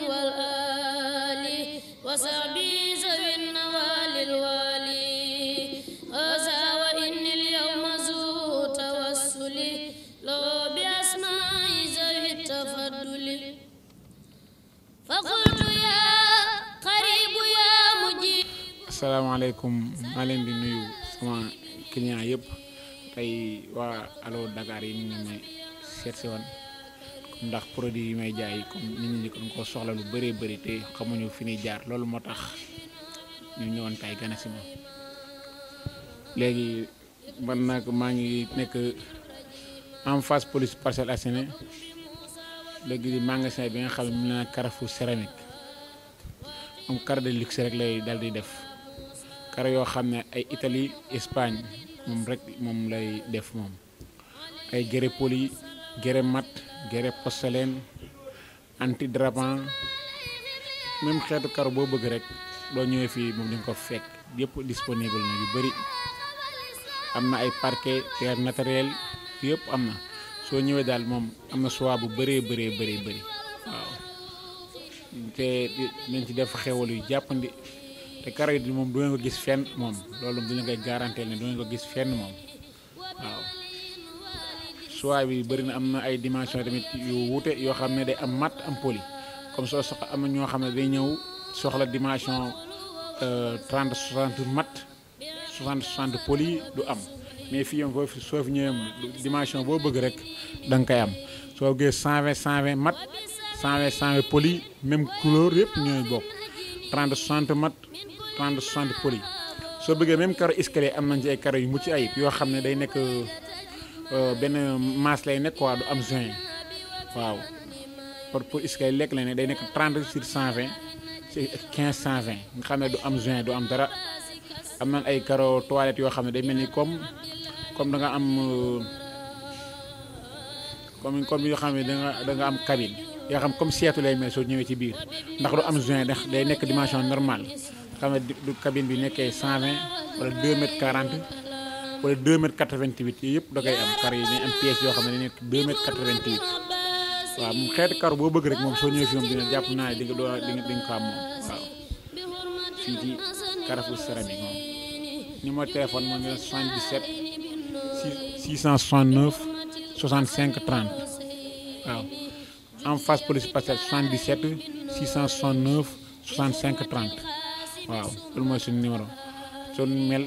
والآل وصحبه ذوي النوال الوالي هذا وإني اليوم ذو توسل لو بأسماء ذوي التفضل فقلت يا قريب يا مجيب السلام عليكم maa leen di nuyu sama client yëpp tey waa Allo Dakar yi ñu ngi seet si woon ndax produit yi may jaay comme nit ñi dañ ko soxla lu bëree bëri te xamuñu fi ñuy jaar loolu moo tax ñu ñëwoon tey gën a léegi man nag maa ngi nekk en face police Parcelles Assainies léegi di magasin bi nga xam ne naa Carrefour céramique am carré de luxe rek lay dal di def carré yoo xam ne ay Italie Espagne moom rek moom lay def moom ay grès poli grès mat grès porcelaine antidrapan même xeetu karo boo bëgg rek doo ñëwee fii moom dañ ko fekk yépp disponible na yu bëri am na ay parquet pierre naturel yëpp am na soo ñëwee daal moom am na choix bu bëree bëree bëree bëri waaw te nañ ci def xewal yu jàppandi te karo yi moom du ngeen ko gis fenn moom loolu du ñu koy garanteel ne du ngeen ko gis fenn moom waaw soie bi bëri na am na ay dimension tamit yu wuute yoo xam ne day am mat am poli comme soo soxla am na ñoo xam ne day ñëw soxla dimension 30 60 mat 60 60 poli du am mais fii moom foofu soo fi bëgg rek da koy am soo gee 120 120 mat 120 120 poli même couleur yëpp ñooy bokk 30 60 mat 30 60 poli soo bëggee même carreau escalier am nañ ci ay carreau yu mucc ayib yoo xam ne day nekk. Euh, benn masse lay nekk quoi du am juin waaw pour pour iskay lekk la ne day nekk 30 sur cent ci 15 120 nga xam ne du am juin du am dara am na ay carreaux toilettes yoo xam ne day mel ni comme comme da nga am euh, comme comme yoo xam ne da nga da nga am cabine yoo xam comme seetu lay mel soo ñëwee ci biir ndax du am juin ndax day nekk dimension normale xam ne du cabine bi nekkee 120 wala 2 mètres 40. wala 2 mètre 88 yooyu yëpp da koy am kar yi ne am pièce yoo xam ne nekk 2 mètre 88 waaw moom xeeti kar boo bëgg rek moom soo ñëwee fi moom dina jàpp naa di nga doo di nga di nga ko am moom waaw fii ci Carrefour céramique moom numéro téléphone moom ngeen 77 669 65 30 waaw en face police pastel 77 669 65 30 waaw loolu mooy suñu numéro suñu mel